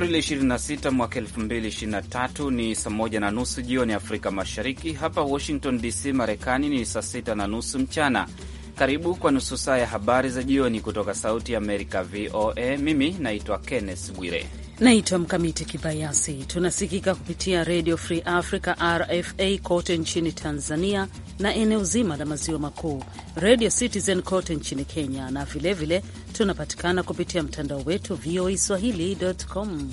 Aprili 26 mwaka 2023 ni saa moja na nusu jioni Afrika Mashariki. Hapa Washington DC, Marekani ni saa sita na nusu mchana. Karibu kwa nusu saa ya habari za jioni kutoka Sauti ya Amerika, VOA. Mimi naitwa Kenneth Bwire Naitwa Mkamiti Kibayasi. Tunasikika kupitia Radio Free Africa, RFA, kote nchini Tanzania na eneo zima la maziwa makuu, Radio Citizen kote nchini Kenya, na vilevile vile, tunapatikana kupitia mtandao wetu VOA swahili.com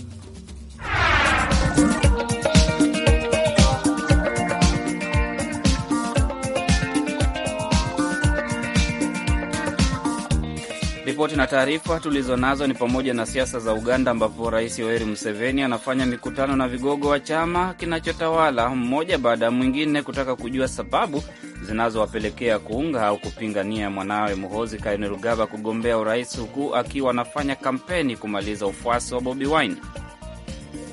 Ripoti na taarifa tulizo nazo ni pamoja na siasa za Uganda, ambapo Rais Yoweri Museveni anafanya mikutano na vigogo wa chama kinachotawala mmoja baada ya mwingine kutaka kujua sababu zinazowapelekea kuunga au kupingania mwanawe Muhozi Kainerugaba kugombea urais, huku akiwa anafanya kampeni kumaliza ufuasi wa Bobi Wine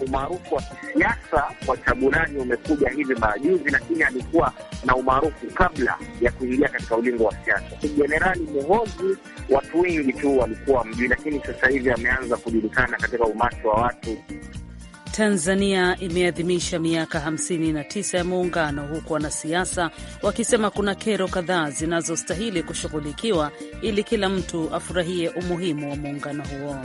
umaarufu wa kisiasa kwa Chagulanyi umekuja hivi majuzi, lakini alikuwa na umaarufu kabla ya kuingia katika ulingo wa siasa. Jenerali Muhozi watu wengi tu walikuwa mjui lakini sasa hivi ameanza kujulikana katika umati wa watu. Tanzania imeadhimisha miaka 59 ya muungano huku wanasiasa wakisema kuna kero kadhaa zinazostahili kushughulikiwa ili kila mtu afurahie umuhimu wa muungano huo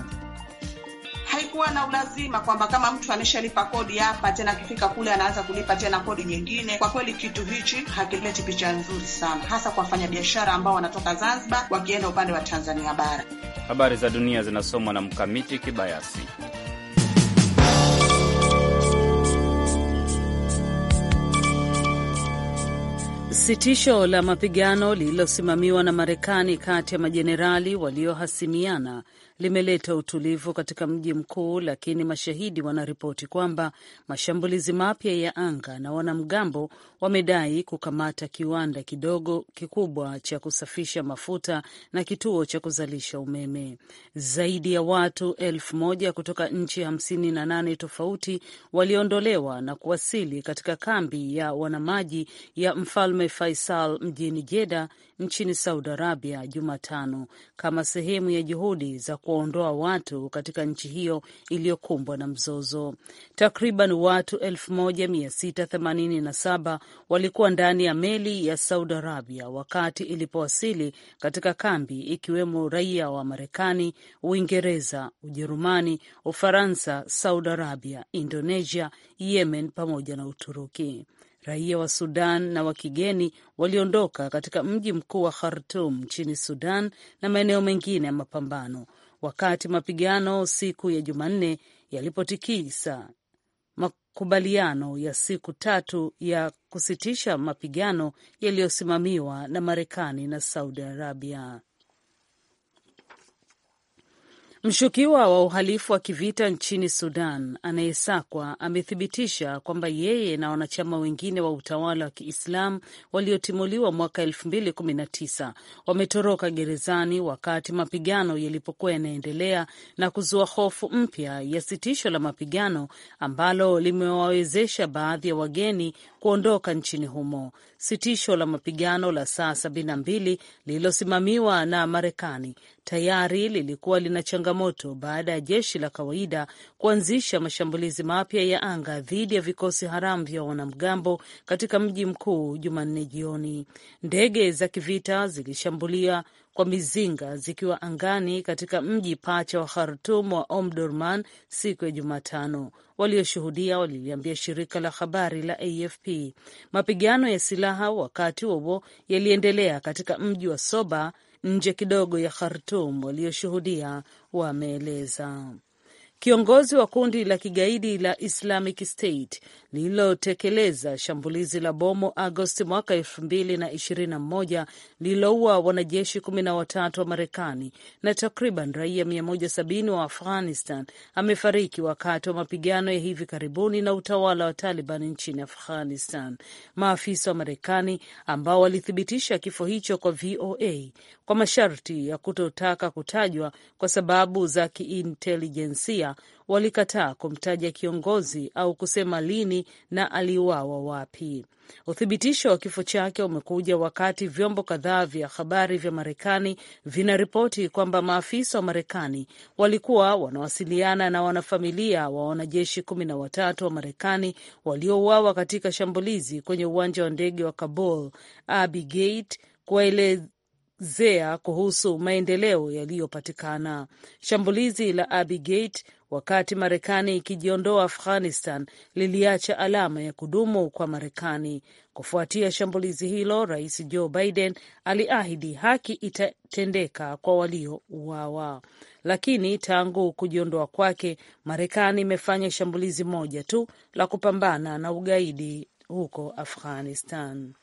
haikuwa na ulazima kwamba kama mtu ameshalipa kodi hapa, tena akifika kule anaanza kulipa tena kodi nyingine. Kwa kweli kitu hichi hakileti picha nzuri sana, hasa kwa wafanyabiashara ambao wanatoka Zanzibar wakienda upande wa Tanzania bara. Habari za dunia zinasomwa na Mkamiti Kibayasi. Sitisho la mapigano lililosimamiwa na Marekani kati ya majenerali waliohasimiana limeleta utulivu katika mji mkuu, lakini mashahidi wanaripoti kwamba mashambulizi mapya ya anga na wanamgambo wamedai kukamata kiwanda kidogo kikubwa cha kusafisha mafuta na kituo cha kuzalisha umeme. Zaidi ya watu elfu moja kutoka nchi hamsini na nane tofauti waliondolewa na kuwasili katika kambi ya wanamaji ya Mfalme Faisal mjini Jeda nchini Saudi Arabia Jumatano kama sehemu ya juhudi za kuwaondoa watu katika nchi hiyo iliyokumbwa na mzozo. Takriban watu 1687 walikuwa ndani ya meli ya Saudi Arabia wakati ilipowasili katika kambi, ikiwemo raia wa Marekani, Uingereza, Ujerumani, Ufaransa, Saudi Arabia, Indonesia, Yemen pamoja na Uturuki raia wa Sudan na wa kigeni waliondoka katika mji mkuu wa Khartum nchini Sudan na maeneo mengine ya mapambano, wakati mapigano siku ya Jumanne yalipotikisa makubaliano ya siku tatu ya kusitisha mapigano yaliyosimamiwa na Marekani na Saudi Arabia. Mshukiwa wa uhalifu wa kivita nchini Sudan anayesakwa amethibitisha kwamba yeye na wanachama wengine wa utawala wa Kiislamu waliotimuliwa mwaka 2019 wametoroka gerezani wakati mapigano yalipokuwa yanaendelea na kuzua hofu mpya ya sitisho la mapigano ambalo limewawezesha baadhi ya wageni kuondoka nchini humo. Sitisho la mapigano la saa 72 lililosimamiwa na Marekani tayari lilikuwa linachanga changamoto baada ya jeshi la kawaida kuanzisha mashambulizi mapya ya anga dhidi ya vikosi haramu vya wanamgambo katika mji mkuu Jumanne jioni. Ndege za kivita zilishambulia kwa mizinga zikiwa angani katika mji pacha wa Khartum wa Omdurman siku ya Jumatano. Walioshuhudia waliliambia shirika la habari la AFP mapigano ya silaha wakati huo yaliendelea katika mji wa Soba nje kidogo ya khartum walioshuhudia wameeleza kiongozi wa kundi la kigaidi la Islamic State lililotekeleza shambulizi la bomu Agosti mwaka elfu mbili na ishirini na moja lililoua wanajeshi kumi na watatu wa Marekani na takriban raia sabini wa Afghanistan amefariki wakati wa mapigano ya hivi karibuni na utawala wa Taliban nchini Afghanistan. Maafisa wa Marekani ambao walithibitisha kifo hicho kwa VOA kwa masharti ya kutotaka kutajwa kwa sababu za kiintelijensia pia walikataa kumtaja kiongozi au kusema lini na aliuawa wapi. Uthibitisho wa kifo chake umekuja wakati vyombo kadhaa vya habari vya Marekani vinaripoti kwamba maafisa wa Marekani walikuwa wanawasiliana na wanafamilia wa wanajeshi kumi na watatu wa Marekani waliouawa katika shambulizi kwenye uwanja wa ndege wa Kabul Abi Gate kuwaeleza zea kuhusu maendeleo yaliyopatikana. Shambulizi la Abiy Gate wakati Marekani ikijiondoa Afghanistan liliacha alama ya kudumu kwa Marekani. Kufuatia shambulizi hilo, Rais Joe Biden aliahidi haki itatendeka kwa waliouawa, lakini tangu kujiondoa kwake, Marekani imefanya shambulizi moja tu la kupambana na ugaidi huko Afghanistan.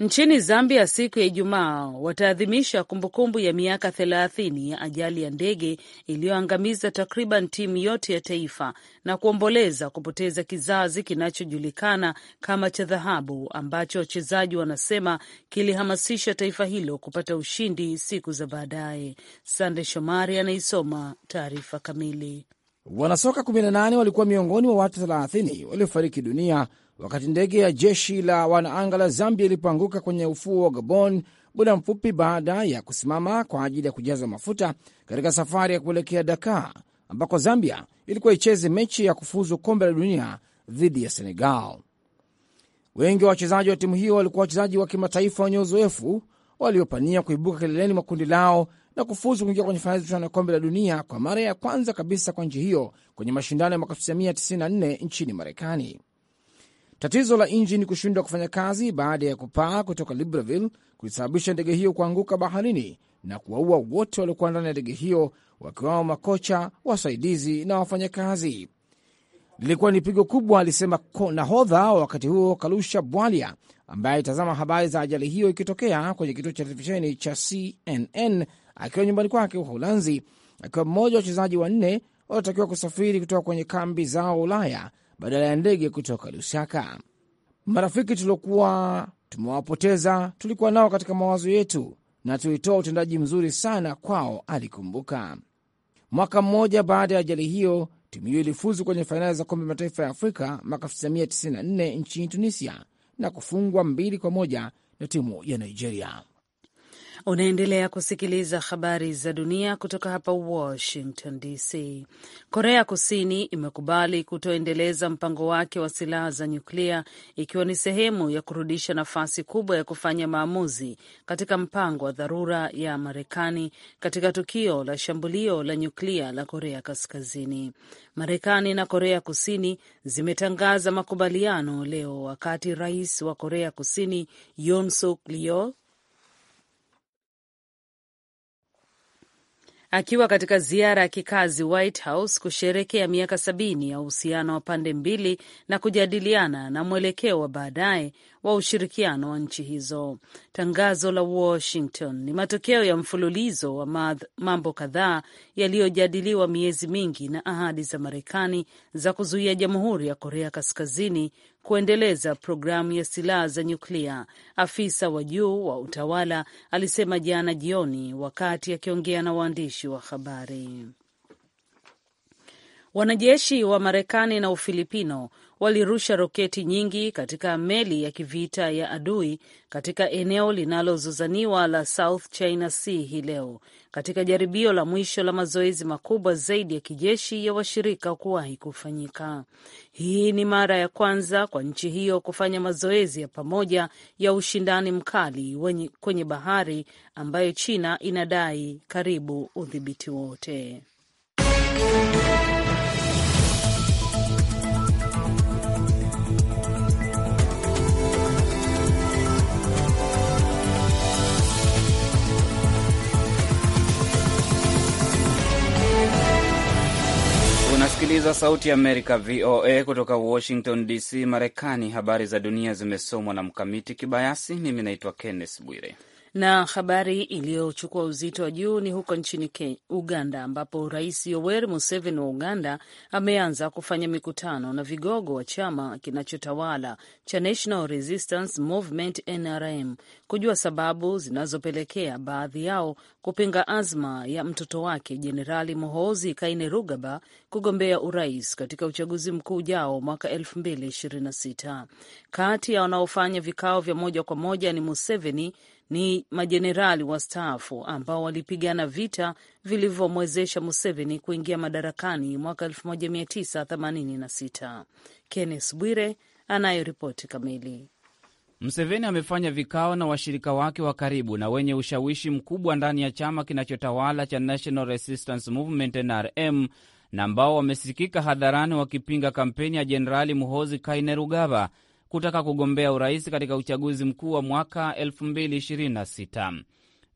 Nchini Zambia siku ya Ijumaa wataadhimisha kumbukumbu ya miaka thelathini ya ajali ya ndege iliyoangamiza takriban timu yote ya taifa na kuomboleza kupoteza kizazi kinachojulikana kama cha dhahabu ambacho wachezaji wanasema kilihamasisha taifa hilo kupata ushindi siku za baadaye. Sande Shomari anaisoma taarifa kamili. Wanasoka 18 walikuwa miongoni mwa watu 30 waliofariki dunia wakati ndege ya jeshi la wanaanga la Zambia ilipoanguka kwenye ufuo wa Gabon muda mfupi baada ya kusimama kwa ajili ya kujaza mafuta katika safari ya kuelekea Dakar ambako Zambia ilikuwa icheze mechi ya kufuzu kombe la dunia dhidi ya Senegal. Wengi wa wachezaji wa timu hiyo walikuwa wachezaji wa kimataifa wenye uzoefu waliopania kuibuka kileleni mwa kundi lao na kufuzu kuingia kwenye fainali za kombe la dunia kwa mara ya kwanza kabisa kwa nchi hiyo kwenye mashindano ya mwaka 1994 nchini Marekani. Tatizo la injini kushindwa kufanya kazi baada ya kupaa kutoka Libreville kulisababisha ndege hiyo kuanguka baharini na kuwaua wote waliokuwa ndani ya ndege hiyo, wakiwamo makocha, wasaidizi na wafanyakazi. Lilikuwa ni pigo kubwa, alisema nahodha wakati huo Kalusha Bwalia, ambaye alitazama habari za ajali hiyo ikitokea kwenye kituo cha televisheni cha CNN akiwa nyumbani kwake Uholanzi, akiwa mmoja wa wachezaji wanne waliotakiwa kusafiri kutoka kwenye kambi zao Ulaya badala ya ndege kutoka Lusaka. Marafiki tuliokuwa tumewapoteza tulikuwa nao katika mawazo yetu na tulitoa utendaji mzuri sana kwao, alikumbuka. Mwaka mmoja baada ya ajali hiyo, timu hiyo ilifuzu kwenye fainali za kombe mataifa ya Afrika mwaka 1994 nchini Tunisia na kufungwa mbili kwa moja na timu ya Nigeria. Unaendelea kusikiliza habari za dunia kutoka hapa Washington DC. Korea Kusini imekubali kutoendeleza mpango wake wa silaha za nyuklia, ikiwa ni sehemu ya kurudisha nafasi kubwa ya kufanya maamuzi katika mpango wa dharura ya Marekani katika tukio la shambulio la nyuklia la Korea Kaskazini. Marekani na Korea Kusini zimetangaza makubaliano leo, wakati rais wa Korea Kusini Yoon Suk Yeol akiwa katika ziara ya kikazi White House kusherekea miaka sabini ya uhusiano wa pande mbili na kujadiliana na mwelekeo wa baadaye wa ushirikiano wa nchi hizo. Tangazo la Washington ni matokeo ya mfululizo wa mambo kadhaa yaliyojadiliwa miezi mingi na ahadi za Marekani za kuzuia Jamhuri ya Korea Kaskazini kuendeleza programu ya silaha za nyuklia, afisa wa juu wa utawala alisema jana jioni, wakati akiongea na waandishi wa habari. Wanajeshi wa Marekani na Ufilipino walirusha roketi nyingi katika meli ya kivita ya adui katika eneo linalozozaniwa la South China Sea hii leo katika jaribio la mwisho la mazoezi makubwa zaidi ya kijeshi ya washirika kuwahi kufanyika. Hii ni mara ya kwanza kwa nchi hiyo kufanya mazoezi ya pamoja ya ushindani mkali wenye kwenye bahari ambayo China inadai karibu udhibiti wote. unasikiliza Sauti ya Amerika, VOA, kutoka Washington DC, Marekani. Habari za dunia zimesomwa na Mkamiti Kibayasi. Mimi naitwa Kenneth Bwire. Na habari iliyochukua uzito wa juu ni huko nchini Uganda, ambapo Rais Yoweri Museveni wa Uganda ameanza kufanya mikutano na vigogo wa chama kinachotawala cha National Resistance Movement, NRM, kujua sababu zinazopelekea baadhi yao kupinga azma ya mtoto wake Jenerali kaine Kainerugaba kugombea urais katika uchaguzi mkuu ujao mwaka 2026. Kati ya wanaofanya vikao vya moja kwa moja ni Museveni ni majenerali wastaafu ambao walipigana vita vilivyomwezesha Museveni kuingia madarakani mwaka 1986. Kenneth Bwire anayo ripoti kamili. Museveni amefanya vikao na washirika wake wa karibu na wenye ushawishi mkubwa ndani ya chama kinachotawala cha National Resistance Movement NRM na ambao wamesikika hadharani wakipinga kampeni ya Jenerali Muhozi Kainerugaba kutaka kugombea urais katika uchaguzi mkuu wa mwaka 2026.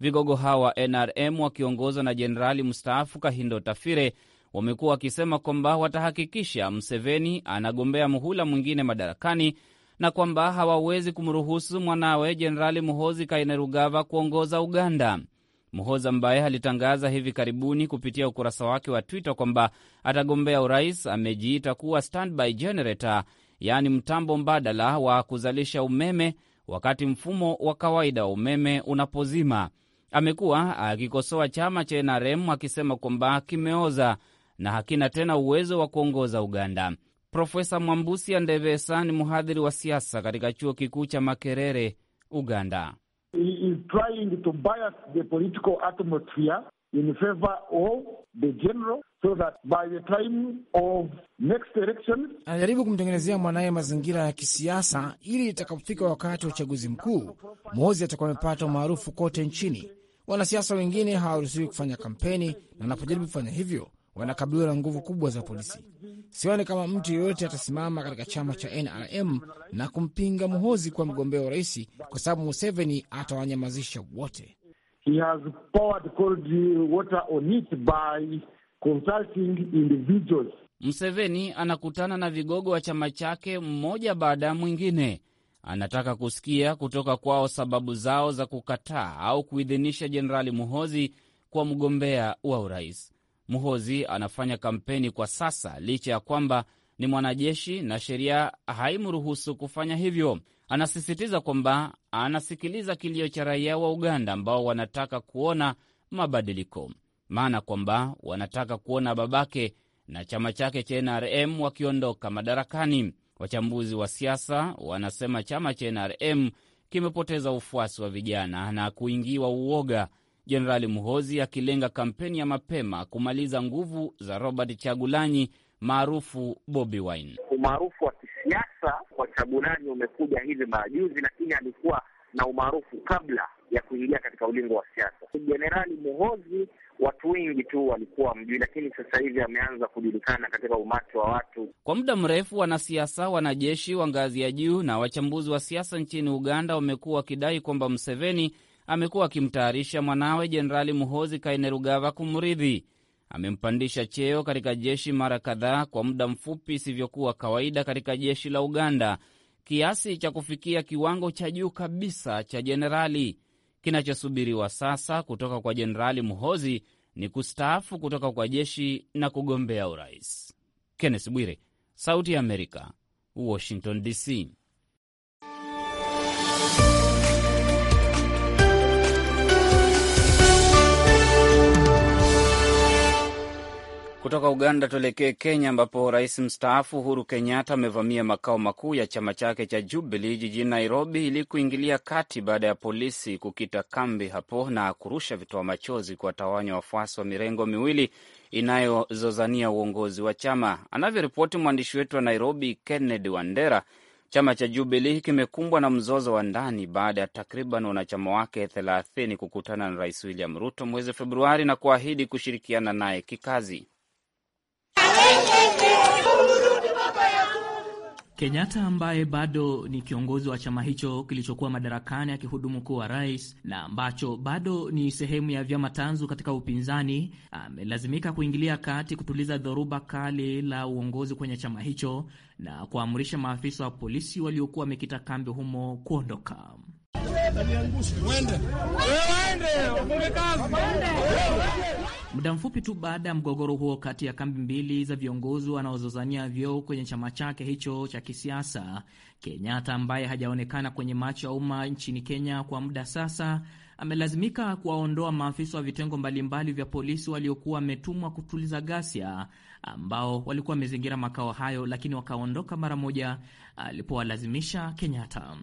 Vigogo hawa wa NRM wakiongozwa na jenerali mstaafu Kahindo Tafire wamekuwa wakisema kwamba watahakikisha Mseveni anagombea muhula mwingine madarakani na kwamba hawawezi kumruhusu mwanawe Jenerali Muhozi Kainerugava kuongoza Uganda. Muhozi ambaye alitangaza hivi karibuni kupitia ukurasa wake wa Twitter kwamba atagombea urais amejiita kuwa standby generator yaani mtambo mbadala wa kuzalisha umeme wakati mfumo wa kawaida wa umeme unapozima. Amekuwa akikosoa chama cha NRM akisema kwamba kimeoza na hakina tena uwezo wa kuongoza Uganda. Profesa Mwambusia Ndevesa ni mhadhiri wa siasa katika chuo kikuu cha Makerere, Uganda. He is trying to bias the political atmosphere in favor of the general so that by the time of next election. Anajaribu kumtengenezea mwanaye mazingira ya kisiasa ili itakapofika wakati wa uchaguzi mkuu, Mozi atakuwa amepata umaarufu kote nchini. Wanasiasa wengine hawaruhusiwi kufanya kampeni, na wanapojaribu kufanya hivyo wanakabiliwa na nguvu kubwa za polisi. Sioni kama mtu yeyote atasimama katika chama cha NRM na kumpinga Muhozi kuwa mgombea wa raisi kwa sababu Museveni atawanyamazisha wote. He has powered cold water on it by consulting individuals. Mseveni anakutana na vigogo wa chama chake mmoja baada ya mwingine. Anataka kusikia kutoka kwao sababu zao za kukataa au kuidhinisha Jenerali Muhozi kwa mgombea wa urais. Muhozi anafanya kampeni kwa sasa licha ya kwamba ni mwanajeshi na sheria haimruhusu kufanya hivyo. Anasisitiza kwamba anasikiliza kilio cha raia wa Uganda ambao wanataka kuona mabadiliko, maana kwamba wanataka kuona babake na chama chake cha NRM wakiondoka madarakani. Wachambuzi wa siasa wanasema chama cha NRM kimepoteza ufuasi wa vijana na kuingiwa uoga, Jenerali Muhozi akilenga kampeni ya mapema kumaliza nguvu za Robert Chagulanyi maarufu Bobi Wine, umaarufu wa kisiasa sasa kwa chagulani umekuja hivi majuzi, lakini alikuwa na umaarufu kabla ya kuingia katika ulingo wa siasa. Jenerali Muhozi watu wengi tu walikuwa mjui lakini sasa hivi ameanza kujulikana katika umati wa watu. Kwa muda mrefu, wanasiasa, wanajeshi wa ngazi ya juu na wachambuzi wa siasa nchini Uganda wamekuwa wakidai kwamba mseveni amekuwa akimtayarisha mwanawe Jenerali Muhozi Kainerugava kumrithi amempandisha cheo katika jeshi mara kadhaa kwa muda mfupi isivyokuwa kawaida katika jeshi la Uganda, kiasi cha kufikia kiwango cha juu kabisa cha jenerali. Kinachosubiriwa sasa kutoka kwa Jenerali Muhozi ni kustaafu kutoka kwa jeshi na kugombea urais. Kenneth Bwire, Sauti ya Amerika, Washington DC. Kutoka Uganda tuelekee Kenya, ambapo rais mstaafu Uhuru Kenyatta amevamia makao makuu ya chama chake cha Jubilee jijini Nairobi ili kuingilia kati baada ya polisi kukita kambi hapo na kurusha vitoa machozi kuwatawanya wafuasi wa mirengo miwili inayozozania uongozi wa chama. Anavyoripoti mwandishi wetu wa Nairobi, Kennedy Wandera. Chama cha Jubilee kimekumbwa na mzozo wa ndani baada ya takriban wanachama wake thelathini kukutana na Rais William Ruto mwezi Februari na kuahidi kushirikiana naye kikazi. Kenyatta ambaye bado ni kiongozi wa chama hicho kilichokuwa madarakani akihudumu kuwa rais na ambacho bado ni sehemu ya vyama tanzu katika upinzani, amelazimika kuingilia kati kutuliza dhoruba kali la uongozi kwenye chama hicho na kuamrisha maafisa wa polisi waliokuwa wamekita kambi humo kuondoka. Muda mfupi tu baada ya mgogoro huo kati ya kambi mbili za viongozi wanaozozania vyeo kwenye chama chake hicho cha kisiasa, Kenyatta ambaye hajaonekana kwenye macho ya umma nchini Kenya kwa muda sasa amelazimika kuwaondoa maafisa wa vitengo mbalimbali vya polisi waliokuwa wametumwa kutuliza ghasia ambao walikuwa wamezingira makao hayo, lakini wakaondoka mara moja alipowalazimisha Kenyatta.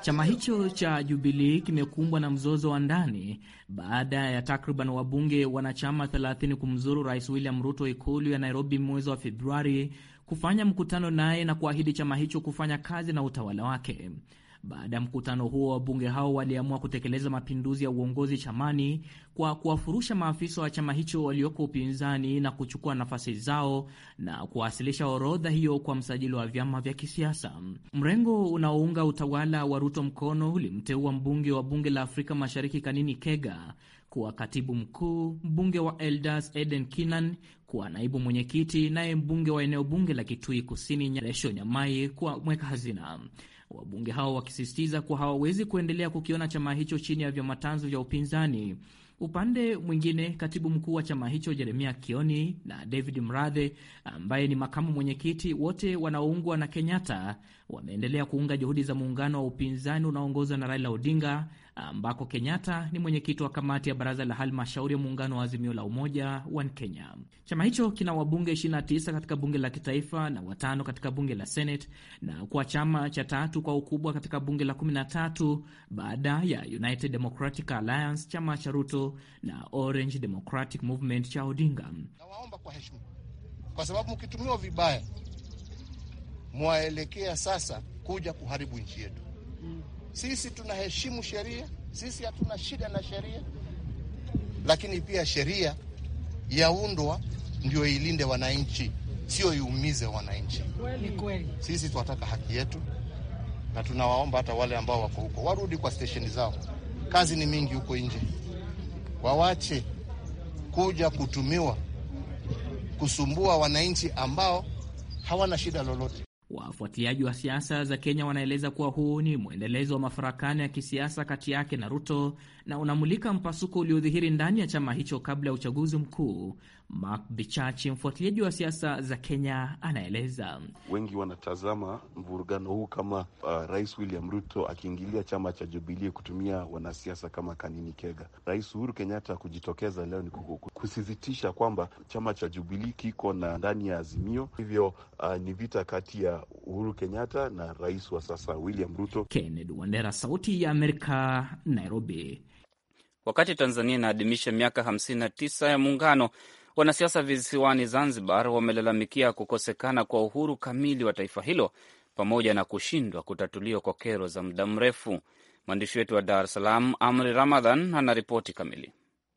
Chama hicho cha Jubilii kimekumbwa na mzozo wa ndani baada ya takriban wabunge wanachama 30 kumzuru Rais William Ruto ikulu ya Nairobi mwezi wa Februari kufanya mkutano naye na kuahidi chama hicho kufanya kazi na utawala wake. Baada ya mkutano huo, wabunge hao waliamua kutekeleza mapinduzi ya uongozi chamani kwa kuwafurusha maafisa wa chama hicho walioko upinzani na kuchukua nafasi zao na kuwasilisha orodha hiyo kwa msajili wa vyama vya kisiasa. Mrengo unaounga utawala wa Ruto mkono ulimteua mbunge wa bunge la Afrika Mashariki Kanini Kega kuwa katibu mkuu, mbunge wa Eldas Eden Kinan kuwa naibu mwenyekiti, naye mbunge wa eneo bunge la Kitui Kusini Resho Nyamai kuwa mweka hazina. Wabunge hao wakisisitiza kuwa hawawezi kuendelea kukiona chama hicho chini ya vyama tanzu vya upinzani. Upande mwingine, katibu mkuu wa chama hicho Jeremia Kioni na David Mradhe ambaye ni makamu mwenyekiti, wote wanaoungwa na Kenyatta, wameendelea kuunga juhudi za muungano wa upinzani unaoongozwa na Raila Odinga ambako Kenyatta ni mwenyekiti wa kamati ya baraza la halmashauri ya muungano wa Azimio la Umoja One Kenya. Chama hicho kina wabunge 29 katika bunge la kitaifa na watano katika bunge la Senate na kuwa chama cha tatu kwa ukubwa katika bunge la 13 baada ya United Democratic Alliance chama cha Ruto na Orange Democratic Movement cha Odinga. Nawaomba kwa heshima, kwa sababu mkitumiwa vibaya mwaelekea sasa kuja kuharibu nchi yetu. Sisi tunaheshimu sheria, sisi hatuna shida na sheria, lakini pia sheria yaundwa ndio ilinde wananchi, sio iumize wananchi. Sisi tunataka haki yetu, na tunawaomba hata wale ambao wako huko warudi kwa stesheni zao. Kazi ni mingi huko nje, wawache kuja kutumiwa kusumbua wananchi ambao hawana shida lolote. Wafuatiliaji wa siasa za Kenya wanaeleza kuwa huu ni mwendelezo wa mafarakano ya kisiasa kati yake na Ruto na unamulika mpasuko uliodhihiri ndani ya chama hicho kabla ya uchaguzi mkuu Mark Bichachi, mfuatiliaji wa siasa za Kenya, anaeleza. Wengi wanatazama mvurugano huu kama uh, Rais William Ruto akiingilia chama cha Jubilee kutumia wanasiasa kama Kanini Kega. Rais Uhuru Kenyatta kujitokeza leo ni kusisitisha kwamba chama cha Jubilee kiko na ndani ya Azimio, hivyo uh, ni vita kati ya Uhuru Kenyatta na rais wa sasa William Ruto. Kennedy Wandera, Sauti ya Amerika, Nairobi. Wakati Tanzania inaadhimisha miaka 59 ya muungano Wanasiasa visiwani Zanzibar wamelalamikia kukosekana kwa uhuru kamili wa taifa hilo pamoja na kushindwa kutatuliwa kwa kero za muda mrefu. Mwandishi wetu wa Dar es Salaam, Amri Ramadhan, ana ripoti kamili.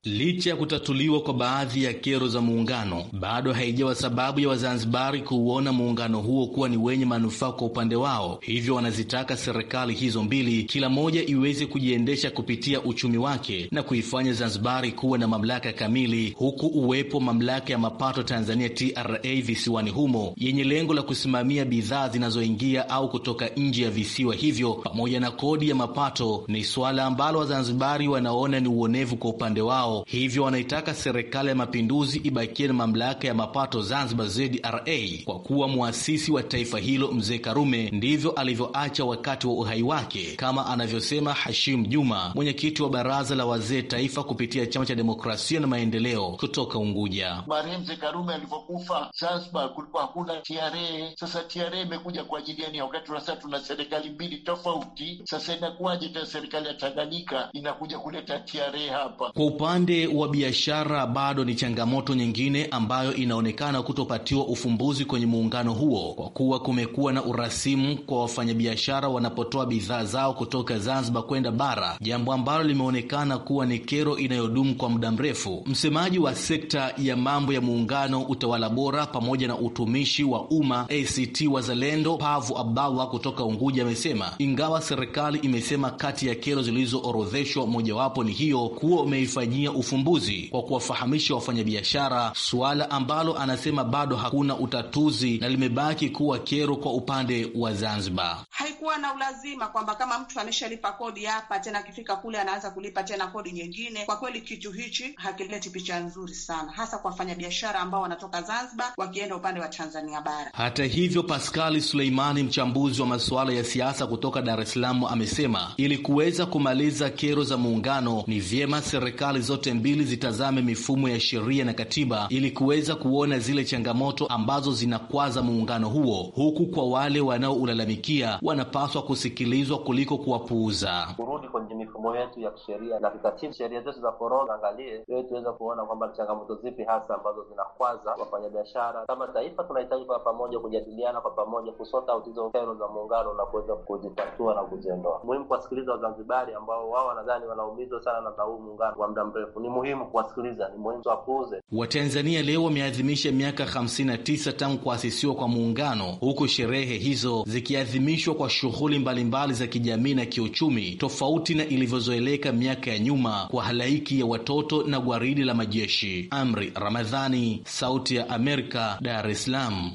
Licha ya kutatuliwa kwa baadhi ya kero za muungano, bado haijawa sababu ya Wazanzibari kuuona muungano huo kuwa ni wenye manufaa kwa upande wao. Hivyo wanazitaka serikali hizo mbili, kila moja iweze kujiendesha kupitia uchumi wake na kuifanya Zanzibari kuwa na mamlaka kamili, huku uwepo mamlaka ya mapato Tanzania TRA visiwani humo yenye lengo la kusimamia bidhaa zinazoingia au kutoka nje ya visiwa hivyo pamoja na kodi ya mapato, ni suala ambalo Wazanzibari wanaona ni uonevu kwa upande wao Hivyo wanaitaka serikali ya mapinduzi ibakie na mamlaka ya mapato Zanzibar ZRA, kwa kuwa mwasisi wa taifa hilo Mzee Karume ndivyo alivyoacha wakati wa uhai wake, kama anavyosema Hashim Juma, mwenyekiti wa baraza la wazee taifa kupitia chama cha demokrasia na maendeleo kutoka Unguja. Marehemu Mzee Karume alivyokufa Zanzibar kulikuwa hakuna TRA. Sasa TRA imekuja kwa ajili yani, wakati sasa tuna serikali mbili tofauti. Sasa inakuwaje tena serikali ya Tanganyika inakuja kuleta TRA hapa? Kwa upande upande wa biashara bado ni changamoto nyingine ambayo inaonekana kutopatiwa ufumbuzi kwenye muungano huo, kwa kuwa kumekuwa na urasimu kwa wafanyabiashara wanapotoa bidhaa zao kutoka Zanzibar kwenda bara, jambo ambalo limeonekana kuwa ni kero inayodumu kwa muda mrefu. Msemaji wa sekta ya mambo ya muungano, utawala bora pamoja na utumishi wa umma ACT Wazalendo, Pavu Abdallah kutoka Unguja amesema ingawa serikali imesema kati ya kero zilizoorodheshwa mojawapo ni hiyo, kuwa umeifanyia kufanyia ufumbuzi kwa kuwafahamisha wafanyabiashara, suala ambalo anasema bado hakuna utatuzi na limebaki kuwa kero kwa upande wa Zanzibar. Haikuwa na ulazima kwamba kama mtu ameshalipa kodi hapa, tena akifika kule anaanza kulipa tena kodi nyingine. Kwa kweli kitu hichi hakileti picha nzuri sana, hasa kwa wafanyabiashara ambao wanatoka Zanzibar wakienda upande wa Tanzania bara. Hata hivyo, Paskali Suleimani, mchambuzi wa masuala ya siasa kutoka Dar es Salaam, amesema ili kuweza kumaliza kero za muungano ni vyema serikali zote zote mbili zitazame mifumo ya sheria na katiba ili kuweza kuona zile changamoto ambazo zinakwaza muungano huo, huku kwa wale wanaoulalamikia wanapaswa kusikilizwa kuliko kuwapuuza. Kurudi kwenye mifumo yetu ya kisheria na kikatiba, sheria zetu za korona, angalie ili tuweze kuona kwamba changamoto zipi hasa ambazo zinakwaza wafanyabiashara. Kama taifa, tunahitaji kwa pamoja kujadiliana kwa pamoja, kusota hizo kero za muungano na kuweza kuzitatua na kuziondoa. Muhimu kuwasikiliza Wazanzibari ambao wao wanadhani wanaumizwa sana na huu muungano wa muda mrefu mrefu. Ni muhimu kuwasikiliza, ni muhimu wapuuze. Watanzania leo wameadhimisha miaka 59 tangu kuasisiwa kwa Muungano, huku sherehe hizo zikiadhimishwa kwa shughuli mbalimbali za kijamii na kiuchumi, tofauti na ilivyozoeleka miaka ya nyuma kwa halaiki ya watoto na gwaridi la majeshi. Amri Ramadhani, Sauti ya Amerika, Dar es Salaam.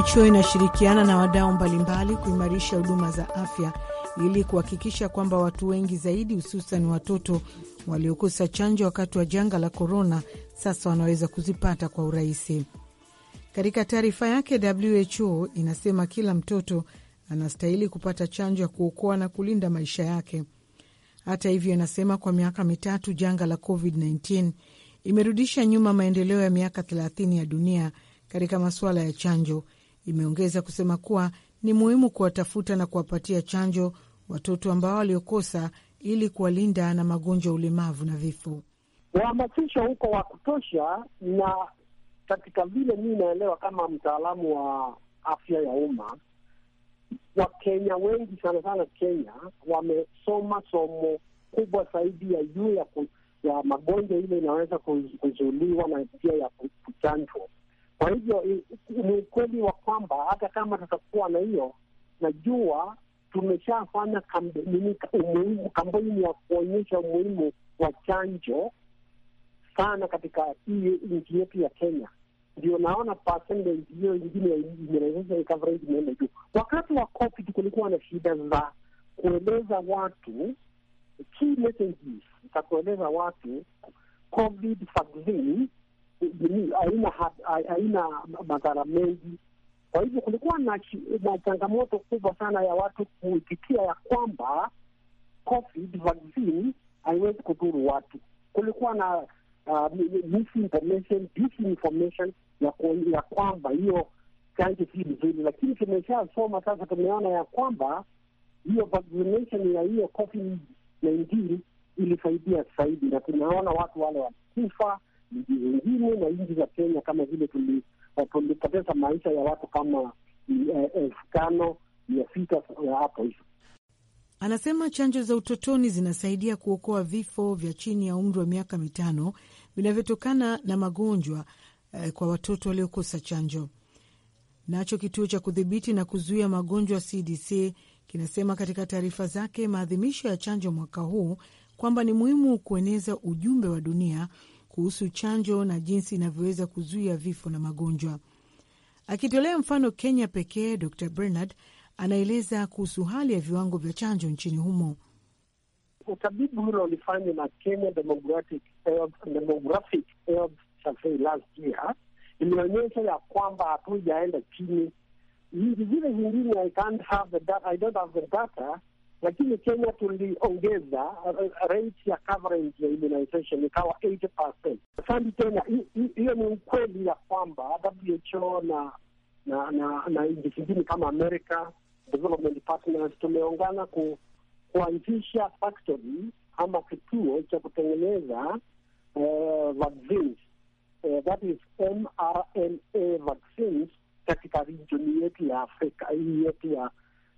WHO inashirikiana na wadau mbalimbali kuimarisha huduma za afya ili kuhakikisha kwamba watu wengi zaidi, hususan watoto waliokosa chanjo wakati wa janga la korona, sasa wanaweza kuzipata kwa urahisi. Katika taarifa yake, WHO inasema kila mtoto anastahili kupata chanjo ya kuokoa na kulinda maisha yake. Hata hivyo, inasema kwa miaka mitatu janga la COVID-19 imerudisha nyuma maendeleo ya miaka 30 ya dunia katika masuala ya chanjo Imeongeza kusema kuwa ni muhimu kuwatafuta na kuwapatia chanjo watoto ambao waliokosa ili kuwalinda na magonjwa ya ulemavu na vifo. wahamasisho huko wa kutosha, na katika vile mii naelewa kama mtaalamu wa afya ya umma, Wakenya wengi sana sana Kenya wamesoma somo kubwa zaidi ya juu ya, ya magonjwa ile inaweza kuzuliwa na pia ya kuchanjwa. Kwa hivyo ni ukweli wa kwamba hata kama tutakuwa na hiyo, najua tumeshafanya kampeni ya kuonyesha umuhimu wa chanjo sana katika hii nchi yetu ya Kenya. Ndio naona percentage hiyo ingine imeenda juu. Wakati wa COVID kulikuwa na shida za kueleza watu key messages za kueleza watu COVID vaccine haina haina madhara mengi. Kwa hivyo kulikuwa na, na changamoto kubwa sana ya watu kuitikia ya kwamba COVID vaccine haiwezi kudhuru watu. Kulikuwa na uh, misinformation, disinformation ya, ya kwamba hiyo chanjo si vizuri, lakini tumeshasoma sasa, tumeona ya kwamba hiyo vaccination ya hiyo COVID 19 ilisaidia zaidi, na tunaona watu wale wakifa miji zingine na nchi za Kenya kama vile eh, tulipoteza maisha ya watu kama eh, elfu tano mia sita eh, hapo hivo. Anasema chanjo za utotoni zinasaidia kuokoa vifo vya chini ya umri wa miaka mitano vinavyotokana na magonjwa eh, kwa watoto waliokosa chanjo. Nacho kituo cha kudhibiti na kuzuia magonjwa CDC kinasema katika taarifa zake maadhimisho ya chanjo mwaka huu kwamba ni muhimu kueneza ujumbe wa dunia kuhusu chanjo na jinsi inavyoweza kuzuia vifo na magonjwa. Akitolea mfano Kenya pekee, Dr Bernard anaeleza kuhusu hali ya viwango vya chanjo nchini humo. Utabibu hilo ulifanywa na Kenya Demographic Health Survey last year, imeonyesha ya kwamba hatujaenda chini. Nchi zile zingine, I don't have the data lakini Kenya tuliongeza uh, rate ya coverage ya immunization ikawa 80%. Sandi tena, hiyo ni ukweli ya kwamba WHO na na na, na nchi zingine kama America Development Partners tumeongana ku, kuanzisha factory ama kituo cha kutengeneza uh, vaccines uh, that is mRNA vaccines katika region yetu ya Afrika hii yetu ya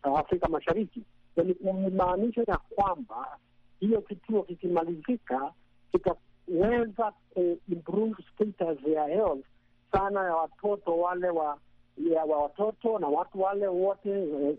uh, Afrika Mashariki kumaanisha ya kwamba hiyo kituo kikimalizika kitaweza kuimprove status ya health sana ya watoto wale wa ya wa watoto na watu wale wote eh,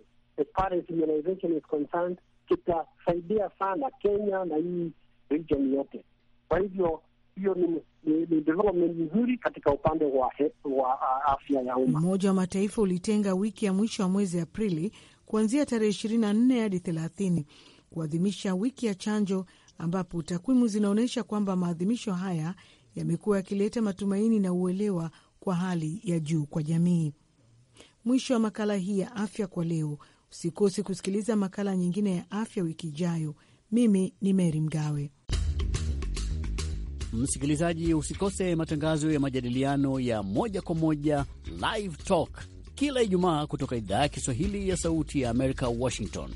kitasaidia sana Kenya na hii region yote. Kwa hivyo hiyo ni ni development nzuri katika upande wa, wa afya ya umma. Umoja wa Mataifa ulitenga wiki ya mwisho wa mwezi Aprili kuanzia tarehe 24 hadi 30 kuadhimisha wiki ya chanjo, ambapo takwimu zinaonyesha kwamba maadhimisho haya yamekuwa yakileta matumaini na uelewa kwa hali ya juu kwa jamii. Mwisho wa makala hii ya afya kwa leo. Usikose kusikiliza makala nyingine ya afya wiki ijayo. Mimi ni Meri Mgawe. Msikilizaji, usikose matangazo ya majadiliano ya moja kwa moja, Live Talk kila Ijumaa kutoka idhaa ya Kiswahili ya Sauti ya Amerika, Washington.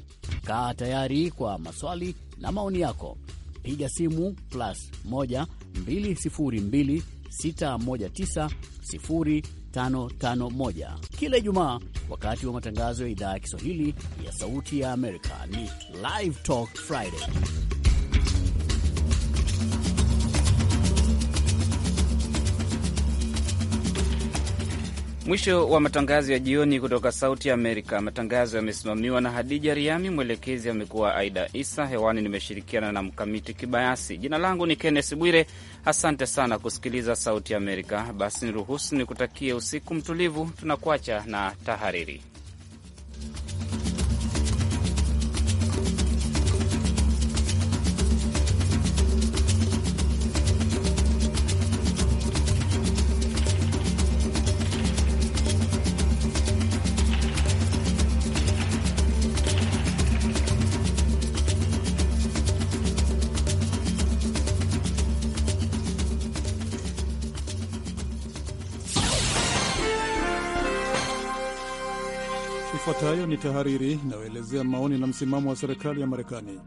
Kaa tayari kwa maswali na maoni yako, piga simu plus 1 kila Ijumaa wakati wa matangazo ya idhaa ya Kiswahili ya Sauti ya Amerika. Ni Live Talk Friday. Mwisho wa matangazo ya jioni kutoka Sauti ya Amerika. Matangazo yamesimamiwa na Hadija Riami, mwelekezi amekuwa Aida Isa. Hewani nimeshirikiana na Mkamiti Kibayasi. Jina langu ni kennes Bwire. Asante sana kusikiliza Sauti ya Amerika. Basi niruhusu nikutakie usiku mtulivu. Tunakuacha na tahariri. Ifuatayo ni tahariri inayoelezea maoni na msimamo wa serikali ya Marekani.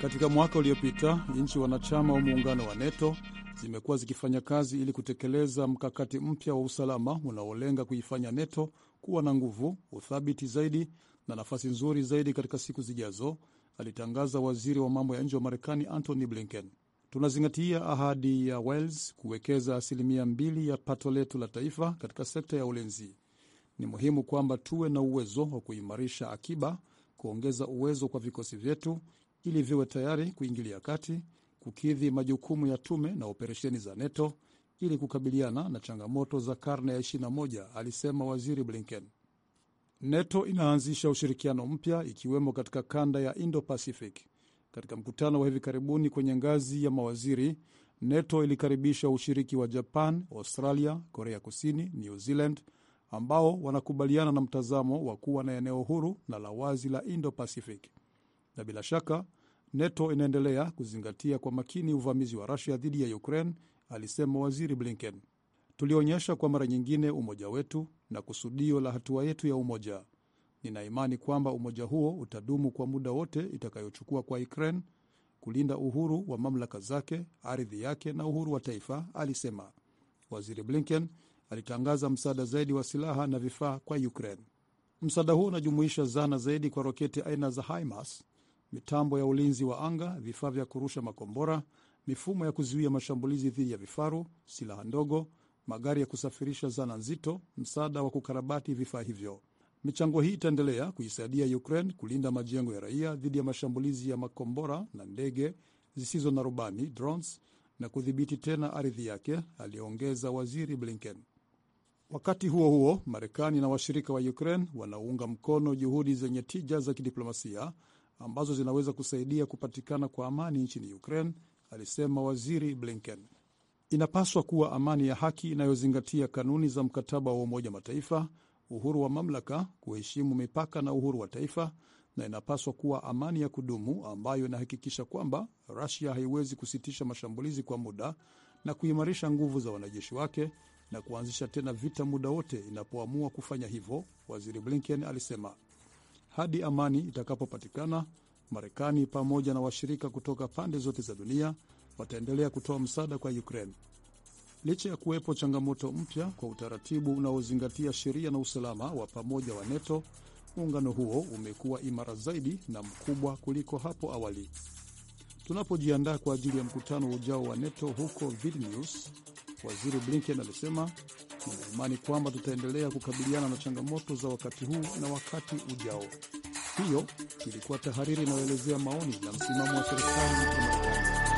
Katika mwaka uliopita, nchi wanachama wa muungano wa NATO zimekuwa zikifanya kazi ili kutekeleza mkakati mpya wa usalama unaolenga kuifanya NATO kuwa na nguvu, uthabiti zaidi na nafasi nzuri zaidi katika siku zijazo, alitangaza waziri wa mambo ya nje wa Marekani Antony Blinken. Tunazingatia ahadi ya Wales kuwekeza asilimia mbili ya pato letu la taifa katika sekta ya ulinzi. Ni muhimu kwamba tuwe na uwezo wa kuimarisha akiba, kuongeza uwezo kwa vikosi vyetu ili viwe tayari kuingilia kati, kukidhi majukumu ya tume na operesheni za NATO ili kukabiliana na changamoto za karne ya 21, alisema Waziri Blinken. NATO inaanzisha ushirikiano mpya ikiwemo katika kanda ya Indo-Pacific. Katika mkutano wa hivi karibuni kwenye ngazi ya mawaziri, NATO ilikaribisha ushiriki wa Japan, Australia, Korea Kusini, New Zealand ambao wanakubaliana na mtazamo wa kuwa na eneo huru na la wazi la Indo-Pacific. Na bila shaka NATO inaendelea kuzingatia kwa makini uvamizi wa Rusia dhidi ya Ukraine, alisema Waziri Blinken. Tulionyesha kwa mara nyingine umoja wetu na kusudio la hatua yetu ya umoja. Nina imani kwamba umoja huo utadumu kwa muda wote itakayochukua kwa Ukraine kulinda uhuru wa mamlaka zake, ardhi yake na uhuru wa taifa, alisema Waziri Blinken alitangaza msaada zaidi wa silaha na vifaa kwa Ukraine. Msaada huo unajumuisha zana zaidi kwa roketi aina za HIMARS, mitambo ya ulinzi wa anga, vifaa vya kurusha makombora, mifumo ya kuzuia mashambulizi dhidi ya vifaru, silaha ndogo, magari ya kusafirisha zana nzito, msaada wa kukarabati vifaa hivyo. Michango hii itaendelea kuisaidia Ukraine kulinda majengo ya raia dhidi ya mashambulizi ya makombora na ndege zisizo na rubani drones, na kudhibiti tena ardhi yake, aliongeza Waziri Blinken. Wakati huo huo, Marekani na washirika wa Ukraine wanaunga mkono juhudi zenye tija za kidiplomasia ambazo zinaweza kusaidia kupatikana kwa amani nchini Ukraine, alisema Waziri Blinken. Inapaswa kuwa amani ya haki inayozingatia kanuni za mkataba wa Umoja Mataifa, uhuru wa mamlaka, kuheshimu mipaka na uhuru wa taifa, na inapaswa kuwa amani ya kudumu ambayo inahakikisha kwamba rasia haiwezi kusitisha mashambulizi kwa muda na kuimarisha nguvu za wanajeshi wake na kuanzisha tena vita muda wote inapoamua kufanya hivyo, waziri Blinken alisema. Hadi amani itakapopatikana, Marekani pamoja na washirika kutoka pande zote za dunia wataendelea kutoa msaada kwa Ukraine licha ya kuwepo changamoto mpya kwa utaratibu unaozingatia sheria na usalama wa pamoja wa NATO. Muungano huo umekuwa imara zaidi na mkubwa kuliko hapo awali tunapojiandaa kwa ajili ya mkutano ujao wa NATO huko Vilnius, Waziri Blinken alisema, ninaimani kwamba tutaendelea kukabiliana na changamoto za wakati huu na wakati ujao. Hiyo ilikuwa tahariri inayoelezea maoni na msimamo wa serikali ya Marekani.